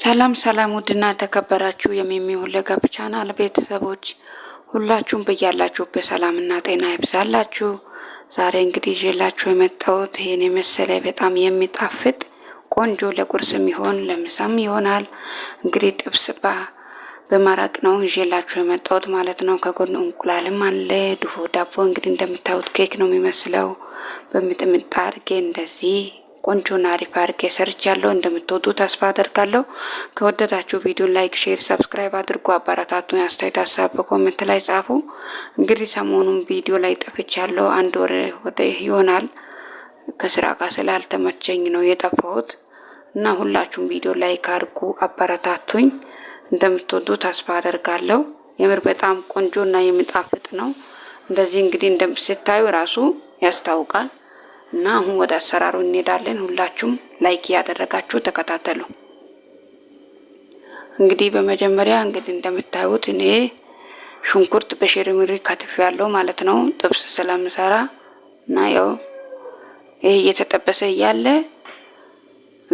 ሰላም ሰላም ውድና ተከበራችሁ የሚሚሆን ሁለገብ ቻናል ቤተሰቦች ሁላችሁም በያላችሁበት ሰላምና ጤና ይብዛላችሁ። ዛሬ እንግዲህ ይዤላችሁ የመጣሁት ይህን የመሰለ በጣም የሚጣፍጥ ቆንጆ ለቁርስም ይሆን ለምሳም ይሆናል እንግዲህ ጥብስ በመረቅ ነው ይዤላችሁ የመጣሁት ማለት ነው። ከጎን እንቁላልም አለ፣ ድፎ ዳቦ እንግዲህ እንደምታዩት ኬክ ነው የሚመስለው በምጥምጣ አድርጌ እንደዚህ ቆንጆና አሪፍ አድርጌ ያለው እንደምትወዱ ተስፋ አደርጋለሁ። ከወደዳችሁ ቪዲዮ ላይክ፣ ሼር፣ ሰብስክራይብ አድርጉ። አበረታቱን። አስተያየት ሀሳብ በኮመንት ላይ ጻፉ። እንግዲህ ሰሞኑን ቪዲዮ ላይ ጠፍቻለሁ። አንድ ወር ወደ ይሆናል ከስራ ጋር ስላልተመቸኝ ነው የጠፋሁት እና ሁላችሁም ቪዲዮ ላይክ አድርጉ። አበረታቱኝ። እንደምትወዱ ተስፋ አደርጋለሁ። የምር በጣም ቆንጆ እና የሚጣፍጥ ነው። እንደዚህ እንግዲህ ስታዩ ራሱ ያስታውቃል። እና አሁን ወደ አሰራሩ እንሄዳለን። ሁላችሁም ላይክ ያደረጋችሁ ተከታተሉ። እንግዲህ በመጀመሪያ እንግዲህ እንደምታዩት እኔ ሽንኩርት በሽርምሪ ከትፍ ያለው ማለት ነው ጥብስ ስለምሰራ እና ያው ይህ እየተጠበሰ እያለ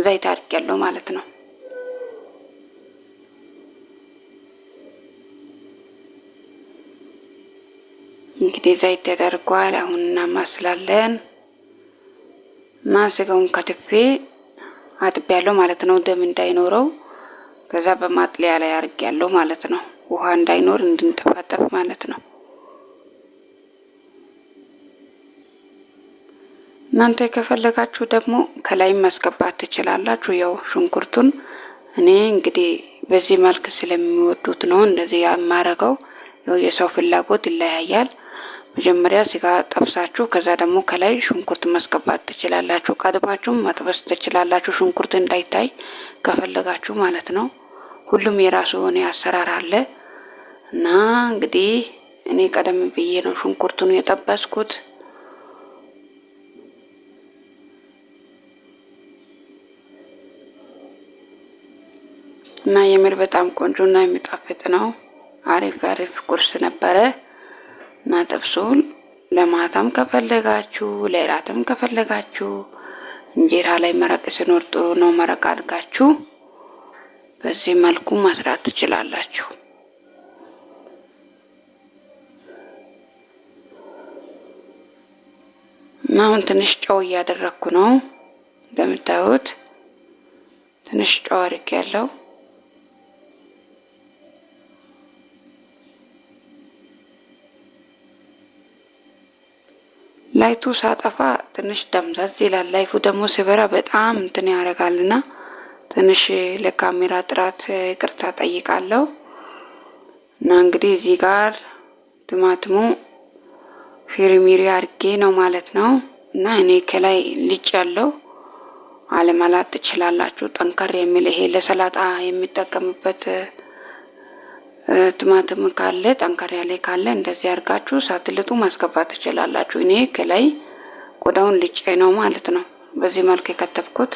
ዘይት አርቅ ያለው ማለት ነው። እንግዲህ ዘይት ተደርጓል። አሁን እናማስላለን። ማስጋውን ከትፌ አጥቤ ያለው ማለት ነው፣ ደም እንዳይኖረው ከዛ በማጥለያ ላይ አርግ ያለው ማለት ነው፣ ውሃ እንዳይኖር እንድንጠፋጠፍ ማለት ነው። እናንተ ከፈለጋችሁ ደግሞ ከላይም ማስገባት ትችላላችሁ። ያው ሽንኩርቱን እኔ እንግዲህ በዚህ መልክ ስለሚወዱት ነው እንደዚህ የማረገው። ያው የሰው ፍላጎት ይለያያል። መጀመሪያ ስጋ ጠብሳችሁ ከዛ ደግሞ ከላይ ሽንኩርት ማስገባት ትችላላችሁ። ቀጥባችሁም መጥበስ ትችላላችሁ፣ ሽንኩርት እንዳይታይ ከፈለጋችሁ ማለት ነው። ሁሉም የራሱ የሆነ አሰራር አለ እና እንግዲህ እኔ ቀደም ብዬ ነው ሽንኩርቱን የጠበስኩት። እና የምር በጣም እና የሚጣፍጥ ነው። አሪፍ አሪፍ ቁርስ ነበረ። እና ጥብሱን ለማታም ከፈለጋችሁ ለራትም ከፈለጋችሁ እንጀራ ላይ መረቅ ሲኖር ጥሩ ነው። መረቅ አድርጋችሁ በዚህ መልኩ መስራት ትችላላችሁ። አሁን ትንሽ ጨው እያደረግኩ ነው። እንደምታዩት ትንሽ ጨው አድርጌ ያለው ላይቱ ሳጠፋ ትንሽ ደምዘዝ ይላል። ላይፉ ደግሞ ሲበራ በጣም እንትን ያደርጋልና ትንሽ ለካሜራ ጥራት ይቅርታ ጠይቃለሁ። እና እንግዲህ እዚህ ጋር ትማትሙ ፊሪሚሪ አርጌ ነው ማለት ነው። እና እኔ ከላይ ልጭ ያለው አለመላጥ ትችላላችሁ። ጠንከር የሚል ይሄ ለሰላጣ የሚጠቀምበት ቲማቲም ካለ ጠንከር ያለ ካለ እንደዚህ አድርጋችሁ ሳትልጡ ማስገባት ትችላላችሁ። እኔ ከላይ ቆዳውን ልጬ ነው ማለት ነው። በዚህ መልክ የከተብኩት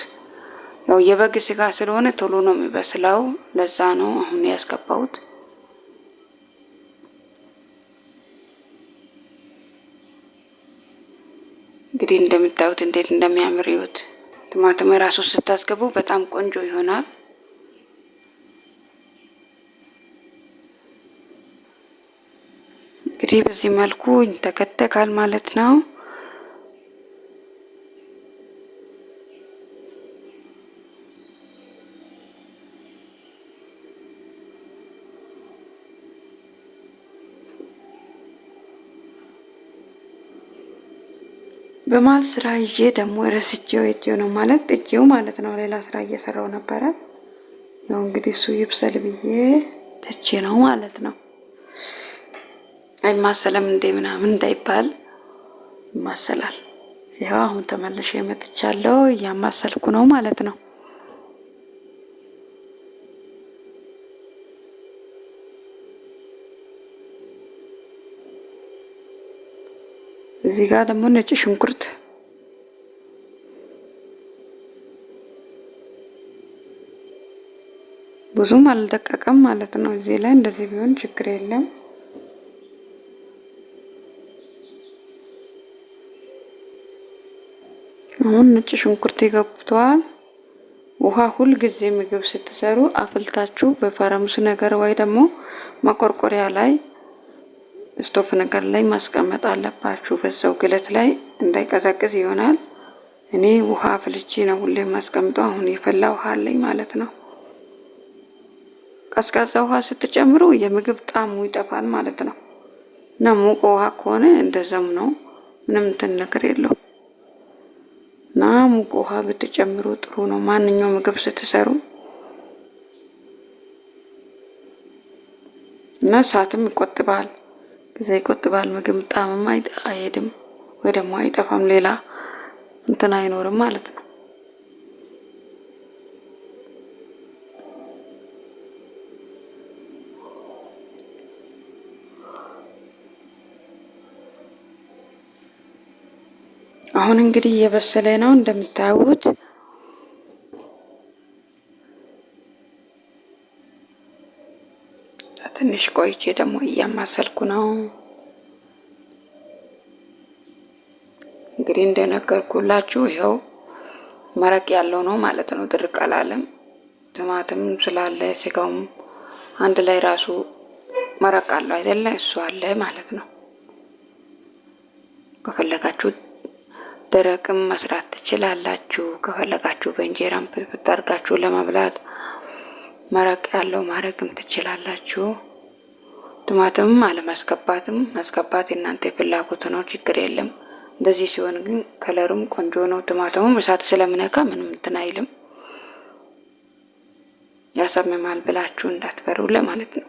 ያው የበግ ስጋ ስለሆነ ቶሎ ነው የሚበስለው። ለዛ ነው አሁን ያስገባሁት። እንግዲህ እንደምታዩት እንዴት እንደሚያምር ይዩት። ቲማቲም ራሱ ስታስገቡ በጣም ቆንጆ ይሆናል። እንግዲህ በዚህ መልኩ ይንተከተካል ማለት ነው። በመሀል ስራ ይዤ ደግሞ ረስቼው የጤው ነው ማለት ጥጄው ማለት ነው። ሌላ ስራ እየሰራው ነበረ። ያው እንግዲህ እሱ ይብሰል ብዬ ትቼ ነው ማለት ነው። አይማሰለም እንዴ ምናምን እንዳይባል ይማሰላል። ይኸው አሁን ተመልሼ መጥቻለሁ። እያማሰልኩ ነው ማለት ነው። እዚህ ጋር ደግሞ ነጭ ሽንኩርት ብዙም አልደቀቀም ማለት ነው። እዚህ ላይ እንደዚህ ቢሆን ችግር የለም። አሁን ነጭ ሽንኩርት ይገብቷል። ውሃ ሁል ጊዜ ምግብ ስትሰሩ አፍልታችሁ በፈረምስ ነገር ወይ ደግሞ መቆርቆሪያ ላይ ስቶፍ ነገር ላይ ማስቀመጥ አለባችሁ። በዛው ግለት ላይ እንዳይቀዘቅዝ ይሆናል። እኔ ውሃ አፍልቼ ነው ሁሌ ማስቀምጠው። አሁን የፈላ ውሃ አለኝ ማለት ነው። ቀዝቃዛ ውሃ ስትጨምሩ የምግብ ጣዕሙ ይጠፋል ማለት ነው እና ሙቅ ውሃ ከሆነ እንደዛም ነው። ምንም እንትን ነገር የለው እና ሙቅ ውሃ ብትጨምሩ ጥሩ ነው። ማንኛው ምግብ ስትሰሩ እና እሳትም ይቆጥባል፣ ጊዜ ይቆጥባል። ምግብ ጣዕምም አይሄድም ወይ ደግሞ አይጠፋም፣ ሌላ እንትን አይኖርም ማለት ነው። አሁን እንግዲህ እየበሰለ ነው እንደምታዩት። ትንሽ ቆይቼ ደግሞ እያማሰልኩ ነው። እንግዲህ እንደነገርኩላችሁ ይኸው መረቅ ያለው ነው ማለት ነው። ድርቅ አላለም። ቲማቲም ስላለ ስጋውም አንድ ላይ ራሱ መረቅ አለው አይደለ? እሱ አለ ማለት ነው። ከፈለጋችሁ ደረቅም መስራት ትችላላችሁ። ከፈለጋችሁ በእንጀራም ብታርጋችሁ ለመብላት መረቅ ያለው ማድረግም ትችላላችሁ። ቲማቲምም አለማስገባትም ማስገባት እናንተ ፍላጎት ነው፣ ችግር የለም። እንደዚህ ሲሆን ግን ከለሩም ቆንጆ ነው። ቲማቲሙም እሳት ስለምነካ ምንም እንትን አይልም። ያሳምማል ብላችሁ እንዳትበሩ ለማለት ነው።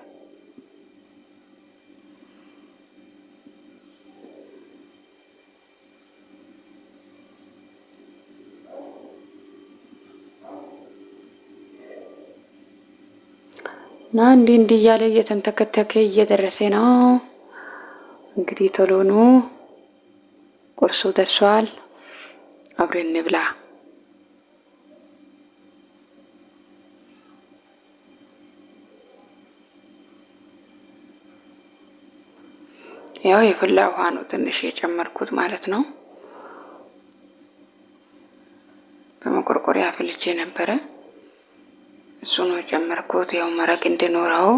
እና እንዲህ እንዲህ እያለ እየተንተከተከ እየደረሰ ነው። እንግዲህ ቶሎኑ ቁርሱ ደርሷል። አብረን እንብላ። ያው የፈላ ውሃ ነው ትንሽ የጨመርኩት ማለት ነው። በመቆርቆሪያ ፈልጄ ነበረ። እሱ ነው ጨመርኩት። ያው መረቅ እንድኖረው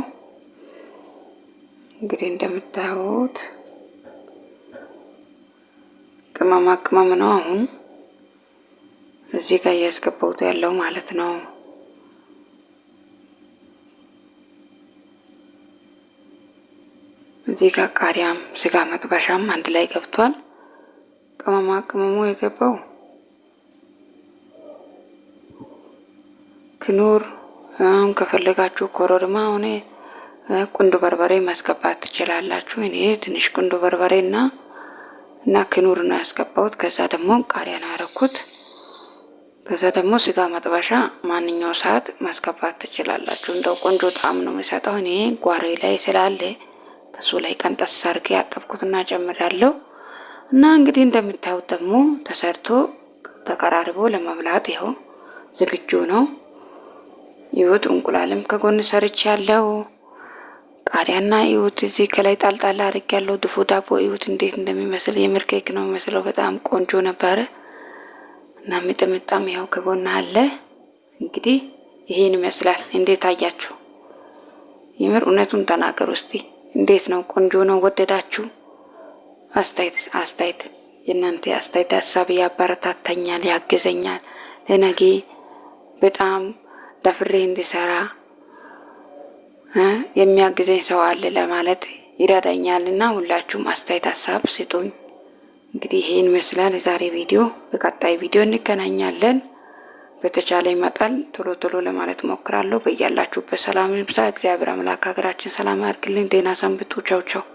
እንግዲህ እንደምታዩት ቅመማ ቅመም ነው አሁን እዚህ ጋር እያስገባሁት ያለው ማለት ነው። እዚህ ጋር ቃሪያም ስጋ መጥበሻም አንድ ላይ ገብቷል። ቅመማ ቅመሙ የገባው ክኖር አሁን ከፈለጋችሁ ኮረሪማ ሆነ ቁንዶ በርበሬ ማስገባት ትችላላችሁ። እኔ ትንሽ ቁንዶ በርበሬ እና እና ክኑር ነው ያስገባሁት። ከዛ ደግሞ ቃሪያ ነው ያደረኩት። ከዛ ደግሞ ስጋ መጥበሻ ማንኛው ሰዓት ማስገባት ትችላላችሁ። እንደው ቆንጆ ጣዕም ነው የሚሰጠው። እኔ ጓሬ ላይ ስላለ ከሱ ላይ ቀንጠስ አድርጌ ያጠብኩትና ጨምራለሁ። እና እንግዲህ እንደምታዩት ደግሞ ተሰርቶ ተቀራርቦ ለመብላት ይኸው ዝግጁ ነው። ይሁት እንቁላልም ከጎን ሰርች ያለው ቃሪያና ይሁት እዚህ ከላይ ጣልጣል አድርግ ያለው ድፎ ዳቦ ይሁት እንዴት እንደሚመስል የምር ኬክ ነው የሚመስለው። በጣም ቆንጆ ነበረ እና ሚጥሚጣም ያው ከጎን አለ። እንግዲህ ይሄን ይመስላል። እንዴት አያችሁ? የምር እውነቱን ተናገር እስቲ። እንዴት ነው? ቆንጆ ነው? ወደዳችሁ? አስተያየት አስተያየት የእናንተ አስተያየት ሀሳብ ያበረታተኛል፣ ያገዘኛል ለነገ በጣም ደፍሬ እንዲሰራ የሚያግዘኝ ሰው አለ ለማለት ይረዳኛልና ሁላችሁም አስተያየት፣ ሀሳብ ስጡኝ። እንግዲህ ይህን ይመስላል የዛሬ ቪዲዮ። በቀጣይ ቪዲዮ እንገናኛለን። በተቻለ ይመጣል ቶሎ ቶሎ ለማለት ሞክራለሁ። በያላችሁበት ሰላም ይብዛ። እግዚአብሔር አምላክ ሀገራችን ሰላም ያድርግልን። ጤና ሰንብቱ። ቻው ቻው